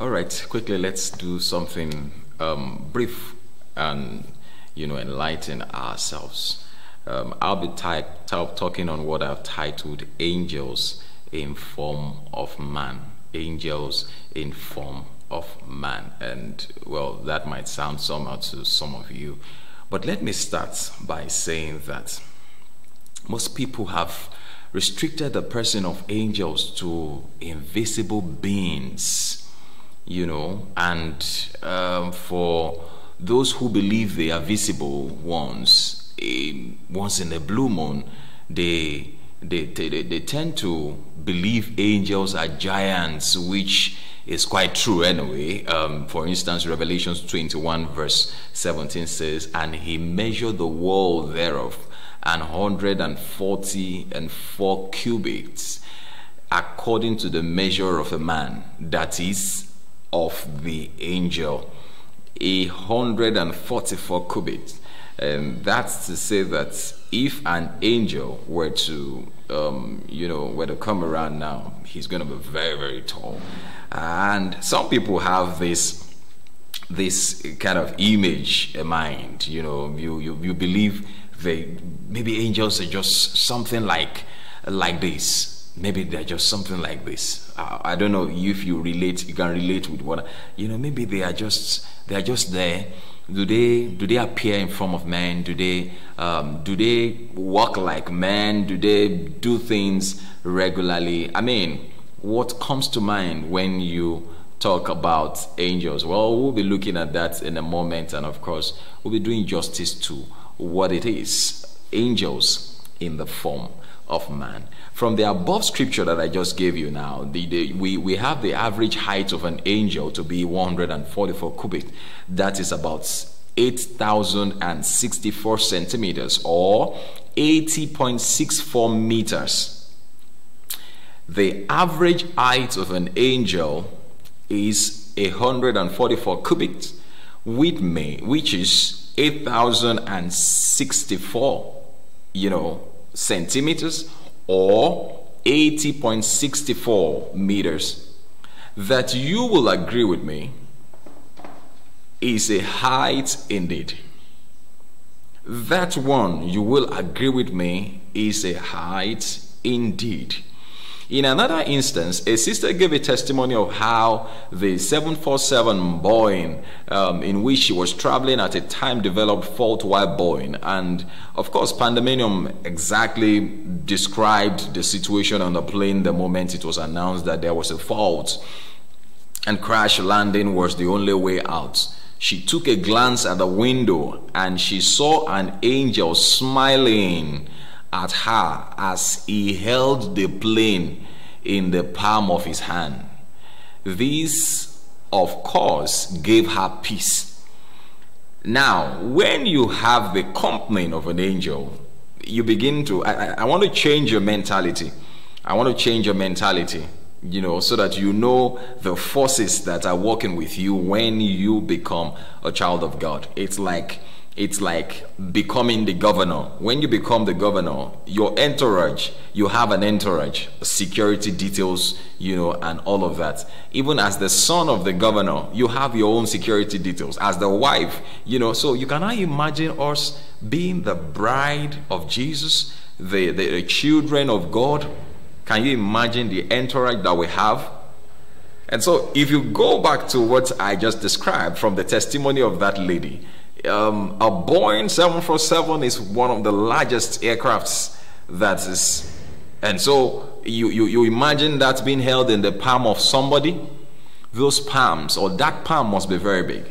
All right, quickly, let's do something um, brief and you know enlighten ourselves. Um, I'll be type, type, talking on what I've titled "Angels in Form of Man." Angels in form of man, and well, that might sound somehow to some of you, but let me start by saying that most people have restricted the person of angels to invisible beings you know, and um, for those who believe they are visible ones, um, once in a blue moon, they, they, they, they tend to believe angels are giants, which is quite true anyway. Um, for instance, Revelation 21, verse 17 says, And he measured the wall thereof, an hundred and forty and four cubits, according to the measure of a man, that is of the angel, a 144 cubits. And um, that's to say that if an angel were to, um, you know, were to come around now, he's going to be very, very tall. And some people have this this kind of image in mind, you know, you, you, you believe they, maybe angels are just something like like this maybe they're just something like this I, I, don't know if you relate you can relate with what you know maybe they are just they are just there do they do they appear in form of men do they um, do they walk like men do they do things regularly i mean what comes to mind when you talk about angels well we'll be looking at that in a moment and of course we'll be doing justice to what it is angels in the form of man. From the above scripture that I just gave you now, the, the, we, we have the average height of an angel to be 144 cubits. That is about 8,064 centimeters or 80.64 meters. The average height of an angel is 144 cubits, which is 8,064, you know, centimeters or 80.64 meters that you will agree with me is a height indeed. That one you will agree with me is a height indeed. In another instance, a sister gave a testimony of how the 747 Boeing, um, in which she was traveling at a time, developed fault while Boeing. And of course, Pandemonium exactly described the situation on the plane the moment it was announced that there was a fault and crash landing was the only way out. She took a glance at the window and she saw an angel smiling at her as he held the plane in the palm of his hand. This, of course, gave her peace. Now, when you have the company of an angel, you begin to. I, I want to change your mentality. I want to change your mentality, you know, so that you know the forces that are working with you when you become a child of God. It's like it's like becoming the governor. When you become the governor, your entourage, you have an entourage, security details, you know, and all of that. Even as the son of the governor, you have your own security details. As the wife, you know, so you cannot imagine us being the bride of Jesus, the, the, the children of God. Can you imagine the entourage that we have? And so, if you go back to what I just described from the testimony of that lady, um, a Boeing 747 is one of the largest aircrafts that is, and so you, you, you imagine that being held in the palm of somebody. Those palms or that palm must be very big.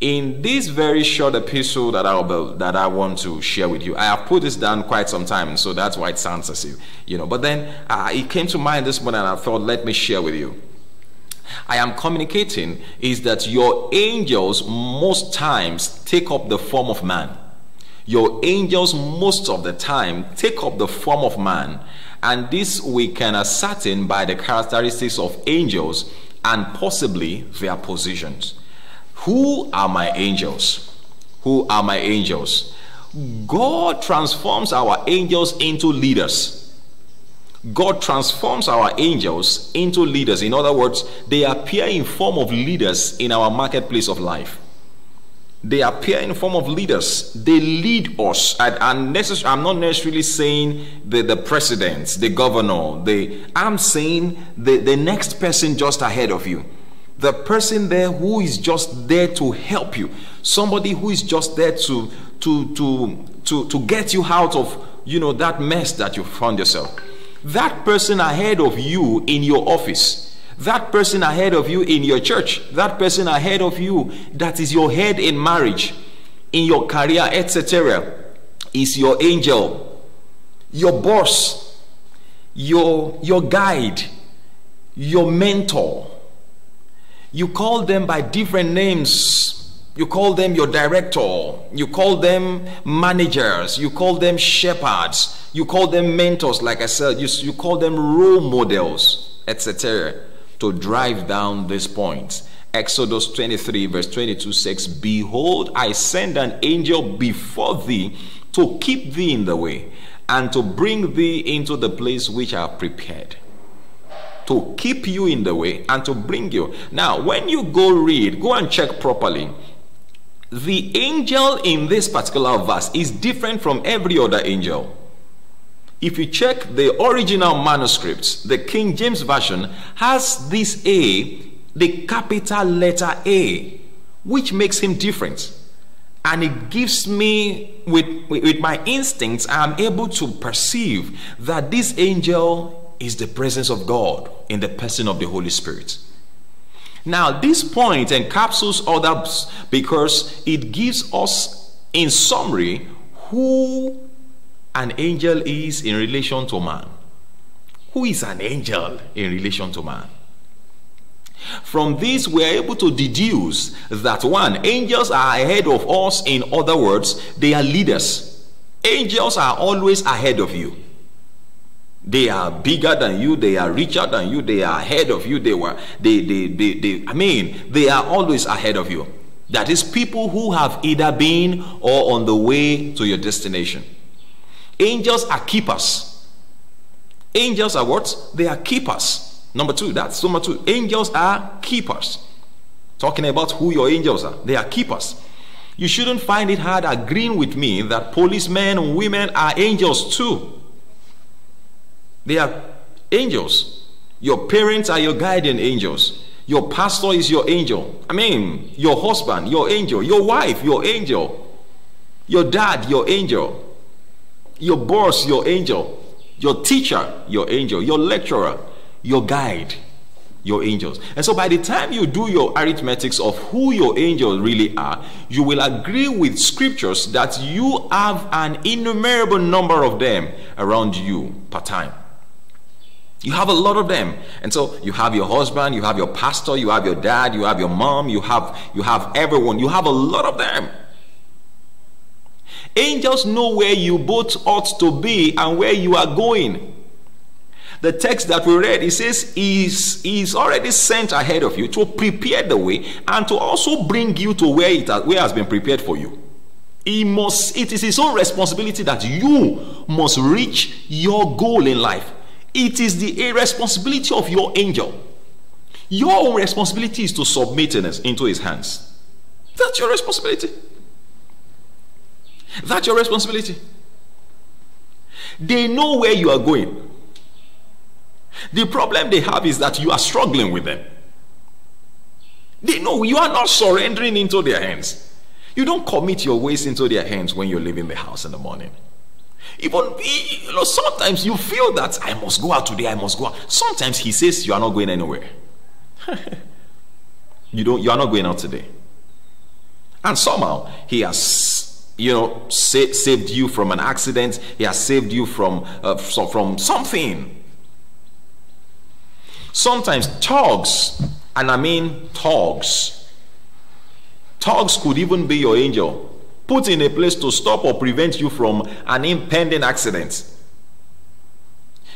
In this very short episode that I that I want to share with you, I have put this down quite some time, so that's why it sounds as if you know. But then uh, it came to mind this morning, and I thought, let me share with you. I am communicating is that your angels most times take up the form of man. Your angels most of the time take up the form of man. And this we can ascertain by the characteristics of angels and possibly their positions. Who are my angels? Who are my angels? God transforms our angels into leaders. God transforms our angels into leaders. In other words, they appear in form of leaders in our marketplace of life. They appear in form of leaders. They lead us. I, I'm, I'm not necessarily saying the, the president, the governor. The, I'm saying the, the next person just ahead of you the person there who is just there to help you somebody who is just there to to to to to get you out of you know that mess that you found yourself that person ahead of you in your office, that person ahead of you in your church, that person ahead of you that is your head in marriage, in your career, etc., is your angel, your boss, your, your guide, your mentor. You call them by different names you call them your director. You call them managers. You call them shepherds. You call them mentors, like I said. You, you call them role models, etc. To drive down this point. Exodus 23, verse 22 says, Behold, I send an angel before thee to keep thee in the way and to bring thee into the place which I have prepared. To keep you in the way and to bring you. Now, when you go read, go and check properly the angel in this particular verse is different from every other angel. If you check the original manuscripts, the King James Version has this A, the capital letter A, which makes him different. And it gives me, with, with my instincts, I'm able to perceive that this angel is the presence of God in the person of the Holy Spirit. Now, this point encapsulates others because it gives us, in summary, who an angel is in relation to man. Who is an angel in relation to man? From this, we are able to deduce that one, angels are ahead of us. In other words, they are leaders. Angels are always ahead of you. They are bigger than you, they are richer than you, they are ahead of you, they were they they they, they I mean they are always ahead of you. That is people who have either been or on the way to your destination. Angels are keepers. Angels are what? They are keepers. Number two, that's number two. Angels are keepers. Talking about who your angels are, they are keepers. You shouldn't find it hard agreeing with me that policemen and women are angels too. They are angels. Your parents are your guardian angels. Your pastor is your angel. I mean, your husband, your angel. Your wife, your angel. Your dad, your angel. Your boss, your angel. Your teacher, your angel. Your lecturer, your guide, your angels. And so by the time you do your arithmetics of who your angels really are, you will agree with scriptures that you have an innumerable number of them around you per time. You have a lot of them. And so you have your husband, you have your pastor, you have your dad, you have your mom, you have you have everyone. You have a lot of them. Angels know where you both ought to be and where you are going. The text that we read, it says, is is already sent ahead of you to prepare the way and to also bring you to where it has, where has been prepared for you. He must, it is his own responsibility that you must reach your goal in life. It is the irresponsibility of your angel. Your own responsibility is to submit into his hands. That's your responsibility. That's your responsibility. They know where you are going. The problem they have is that you are struggling with them. They know you are not surrendering into their hands. You don't commit your ways into their hands when you're leaving the house in the morning. Even you know, sometimes you feel that I must go out today, I must go out. Sometimes he says you are not going anywhere. you don't you are not going out today. And somehow he has you know sa- saved you from an accident, he has saved you from uh, so from something. Sometimes thugs, and I mean thugs, thugs could even be your angel put in a place to stop or prevent you from an impending accident.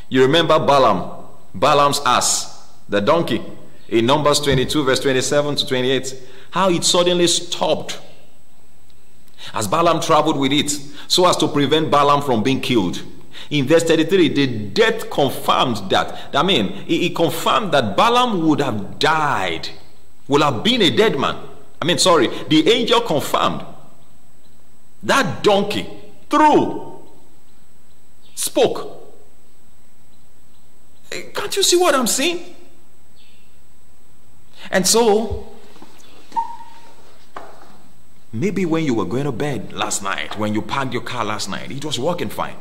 You remember Balaam, Balaam's ass, the donkey, in Numbers 22, verse 27 to 28, how it suddenly stopped as Balaam traveled with it so as to prevent Balaam from being killed. In verse 33, the death confirmed that. I mean, it confirmed that Balaam would have died, would have been a dead man. I mean, sorry, the angel confirmed that donkey through, spoke. Eh, can't you see what I'm seeing? And so, maybe when you were going to bed last night, when you parked your car last night, it was working fine.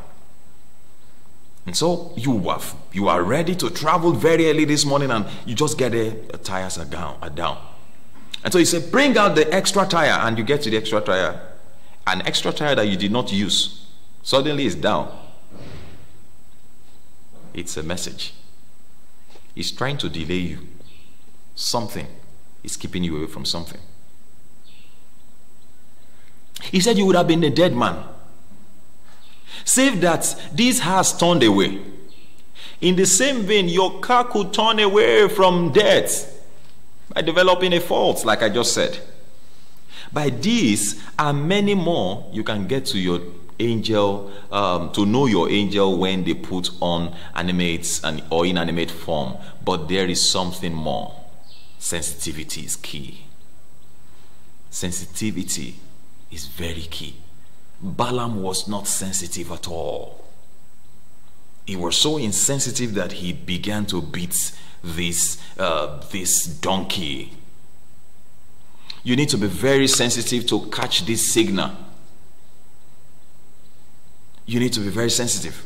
And so you were, you are ready to travel very early this morning and you just get a, the tires are down, are down. And so you say, bring out the extra tire and you get to the extra tire an extra tire that you did not use suddenly is down. It's a message. It's trying to delay you. Something is keeping you away from something. He said you would have been a dead man. Save that this has turned away. In the same vein, your car could turn away from death by developing a fault, like I just said. By these and many more you can get to your angel um, to know your angel when they put on animate and or inanimate form but there is something more sensitivity is key sensitivity is very key balaam was not sensitive at all he was so insensitive that he began to beat this uh, this donkey you need to be very sensitive to catch this signal. You need to be very sensitive.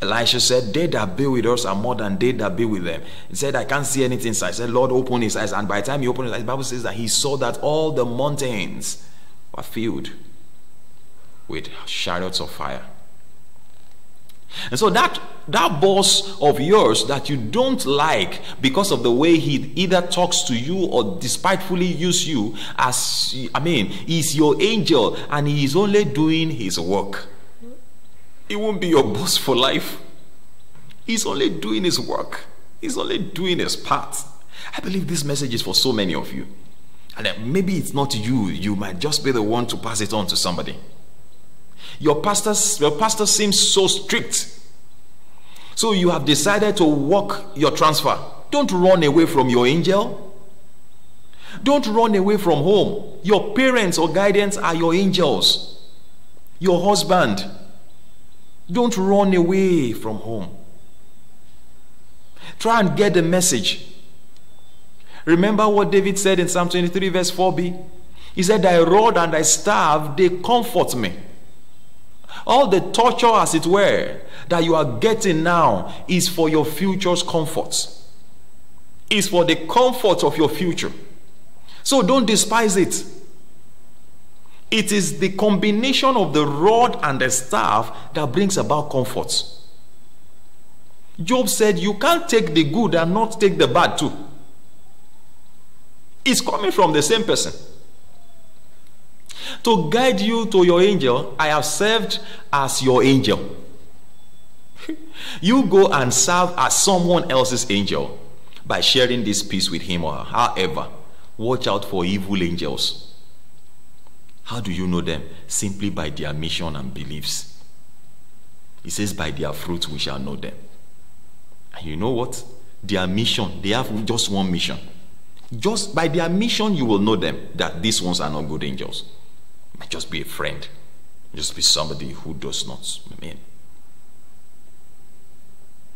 Elisha said, They that be with us are more than they that be with them. He said, I can't see anything. So I said, Lord, open his eyes. And by the time he opened his eyes, the Bible says that he saw that all the mountains were filled with chariots of fire. And so that that boss of yours that you don't like because of the way he either talks to you or despitefully use you as I mean, is your angel and he is only doing his work. He won't be your boss for life. He's only doing his work. He's only doing his part. I believe this message is for so many of you. And maybe it's not you, you might just be the one to pass it on to somebody. Your pastors, your pastor seems so strict. So you have decided to walk your transfer. Don't run away from your angel. Don't run away from home. Your parents or guidance are your angels. Your husband. Don't run away from home. Try and get the message. Remember what David said in Psalm 23, verse 4b? He said, Thy rod and thy staff, they comfort me. All the torture, as it were, that you are getting now is for your future's comfort, is for the comfort of your future. So don't despise it. It is the combination of the rod and the staff that brings about comfort. Job said, You can't take the good and not take the bad too. It's coming from the same person. To guide you to your angel, I have served as your angel. you go and serve as someone else's angel by sharing this peace with him or her. However, watch out for evil angels. How do you know them? Simply by their mission and beliefs. He says, By their fruits we shall know them. And you know what? Their mission, they have just one mission. Just by their mission, you will know them that these ones are not good angels might just be a friend, just be somebody who does not, I mean,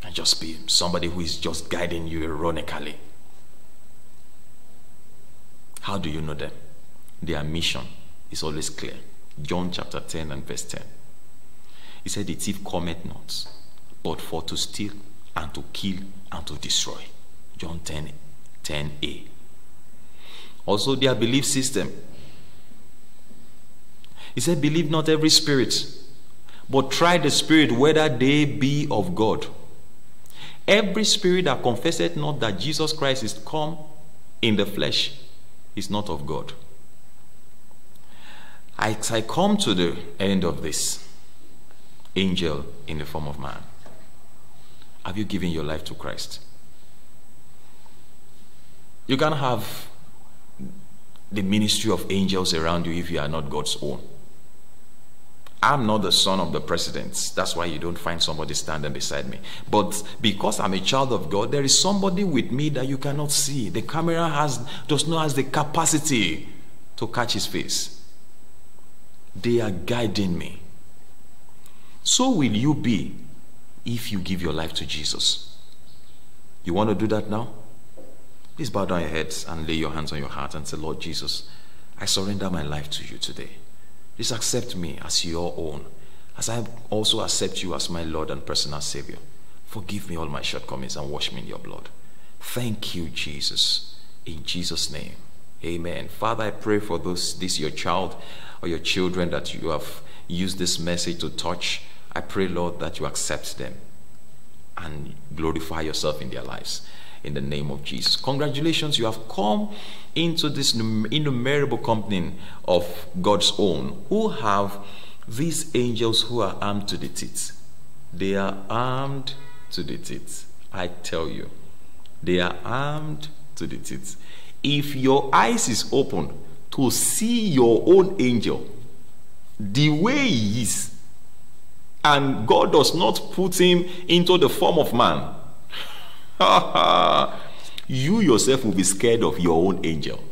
and just be somebody who is just guiding you ironically. How do you know them? Their mission is always clear. John chapter 10 and verse 10. He said, The thief cometh not, but for to steal and to kill and to destroy. John 10 10a. Also, their belief system he said, Believe not every spirit, but try the spirit whether they be of God. Every spirit that confesseth not that Jesus Christ is come in the flesh is not of God. As I come to the end of this, angel in the form of man, have you given your life to Christ? You can have the ministry of angels around you if you are not God's own. I'm not the son of the president. That's why you don't find somebody standing beside me. But because I'm a child of God, there is somebody with me that you cannot see. The camera has does not has the capacity to catch his face. They are guiding me. So will you be if you give your life to Jesus. You want to do that now? Please bow down your heads and lay your hands on your heart and say, Lord Jesus, I surrender my life to you today. Please accept me as your own, as I also accept you as my Lord and personal Savior. Forgive me all my shortcomings and wash me in your blood. Thank you, Jesus. In Jesus' name, amen. Father, I pray for those, this your child or your children that you have used this message to touch. I pray, Lord, that you accept them and glorify yourself in their lives in the name of Jesus. Congratulations, you have come into this innumerable company of God's own who have these angels who are armed to the teeth. They are armed to the teeth. I tell you, they are armed to the teeth. If your eyes is open to see your own angel the way he is, and God does not put him into the form of man, you yourself will be scared of your own angel.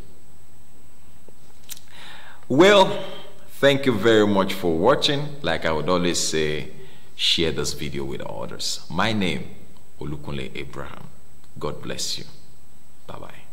Well, thank you very much for watching. Like I would always say, share this video with others. My name, Olukunle Abraham. God bless you. Bye-bye.